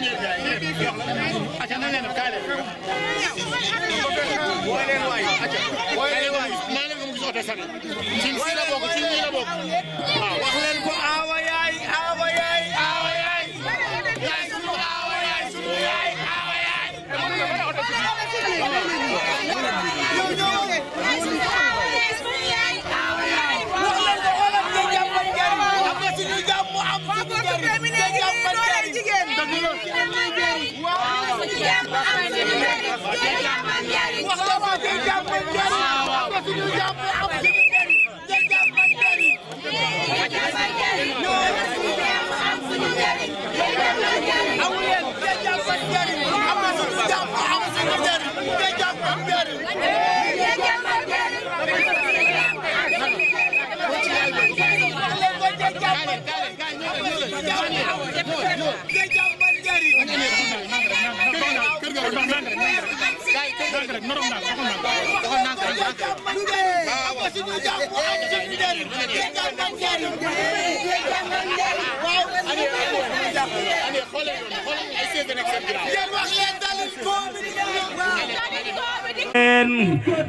leen waay. maa leen ko mu gis oto sànni. bokk ci bokk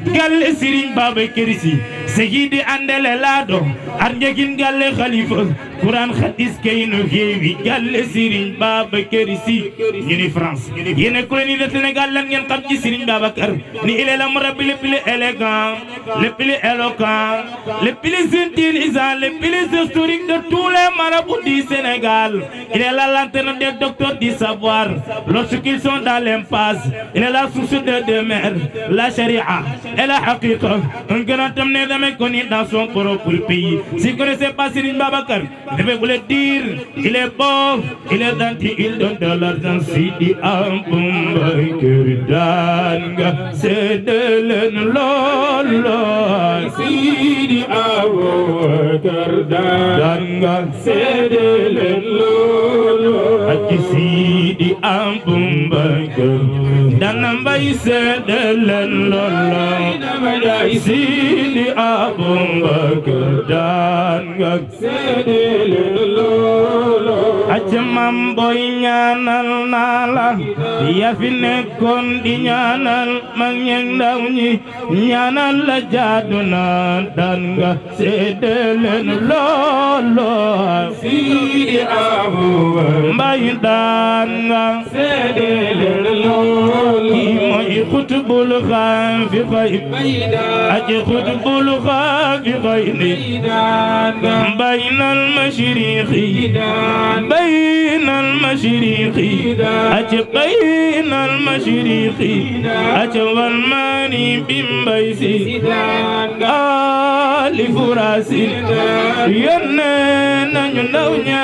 galle Serigne Babacar Sy seydi andele laa doon ar njegin galle xalifa quran xadis kay no xéewi jàlle Serigne Babacar Sy ñu ni France yéen a colonie de Sénégal lan ngeen xam ci Serigne Babacar ni il est le murabbi le plus élégant le plus éloquent le plus intelligent le plus historique de Sénégal il la lanterne des docteurs du savoir lorsqu'ils sont dans l'impasse il est la source de demeure la charia et la haqiqa un grand homme n'est jamais connu dans son propre pays si vous ne connaissez pas Serigne Babacar Rêvez-vous le dire, il est beau, il est gentil, il donne de l'argent si di am Bombay kër daan nga seede leen lool si di am kër daan nga seede leen lool ak si di am Bombay kër dana mbay seedeleen loola Sidi Abubakar daan nga seedeleen loola aca mam mbay daan بلغا في غيب أجي خد بلغا في غيب بين المشرق بين المشرق أجي بين المشرق أجي والماني بمبيسي آل فراس ينن نجلوني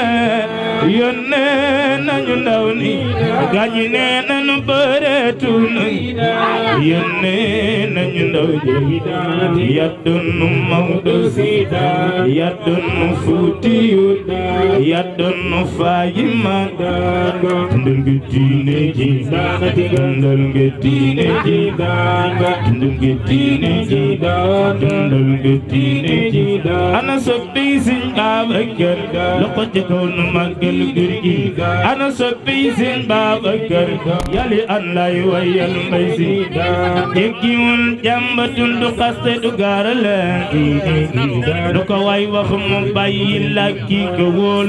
ينن نجلوني غني نن برتون yónnee nañu ndaw ji yàddunu Mawdo si yàddunu Fuutiyu yàddunu Faajima dundal nga diine ji dundal nga diine ji dundal nga diine ji dundal nga diine ji ana soppi sin baaba kër loxo ci kaw nu màggal gër gi ana soppi sin baaba kër yali an lay wayal mbay si jéggiwul jàmbatul du xaste du gaarale lu ko way mu bàyyi làkki ko wóol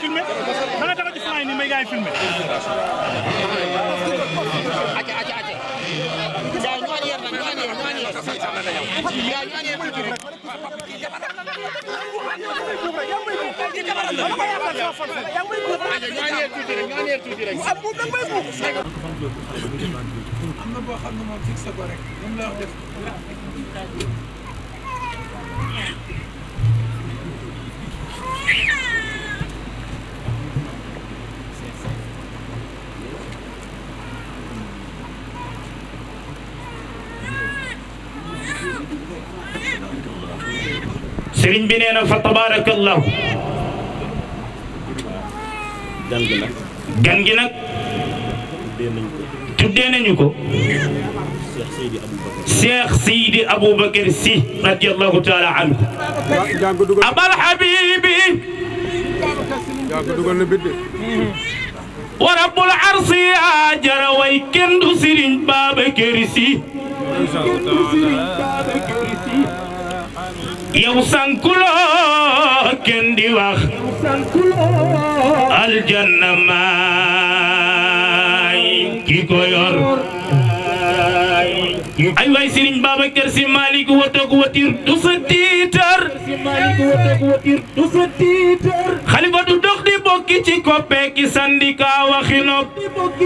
filmé. Acca acca acca. am na boo xam ne moom fixé ko rek moom la wax def Thank you. sëriñ bi nee na fa tabarakallahu gan gi nag gan gi nag tuddee nañu ko Cheikh Seydi Aboubacar Sy radiyallahu taala anhu abal habibi wa rabbul arsi yaa jara way kenn du sëriñ Babacar Sy yow sankuloo kenn di wax aljanna maay ki ko yor ay waay Serigne Babacar Sy Malick watoog watir du sa tiir xalifatu dox di bokki ci koppee ki sandika waxi nopp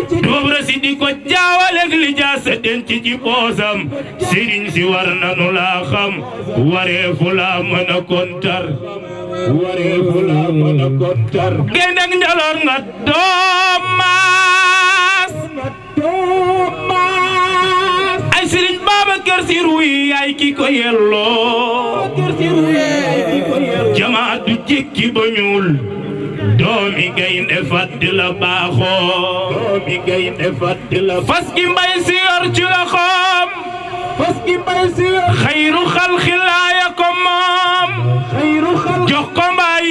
tubaab rasi di ko jaawaleeg li jaasa denc ci poosam sëriñ si war nanu laa xam wareefu laa mën a kontar wareefu a njaloor nga doom kër si ruy yaay ki ko yelloo jamaatu jékki ba ñuul doomi gaynde fàtt la baaxoo doomi gaynde fàtt la fas gi mbay si yor ci loxoom fas gi mbay si yor xayru xalxi laaya ko moom jox ko mbay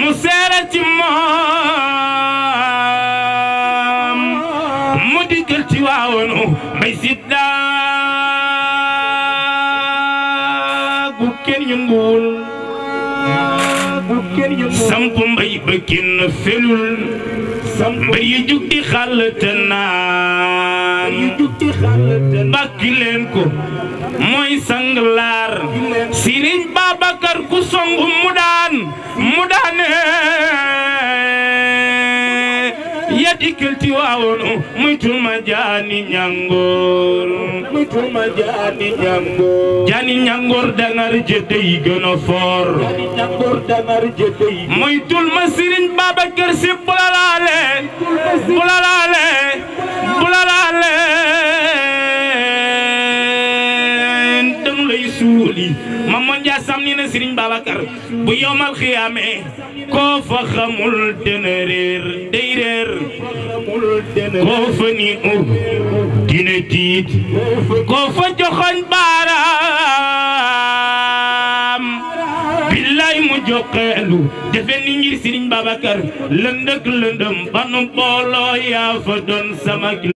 mu seere ci moom samp mbay ba kenn felul mbay yi jug di xàll te naan bàkk leen ko mooy sang laar Sëriñ Babacar ku song mu daan mu daanee na dikkal ci waawoon muy tuma jaani ñangoor muy tuma jaani ñangoor ñangoor dangar jëte a muy tulma sëriñ Babacar Si bulalaale bulalaale Bakar bu yowmal xiyaamee koo fa xamul dina réer day réer koo fa ni tiit koo joxoñ baaraam billaay mu joxeelu defe ni ngir Sëriñ Babacar lëndëk lëndëm banu booloo yaa fa doon samak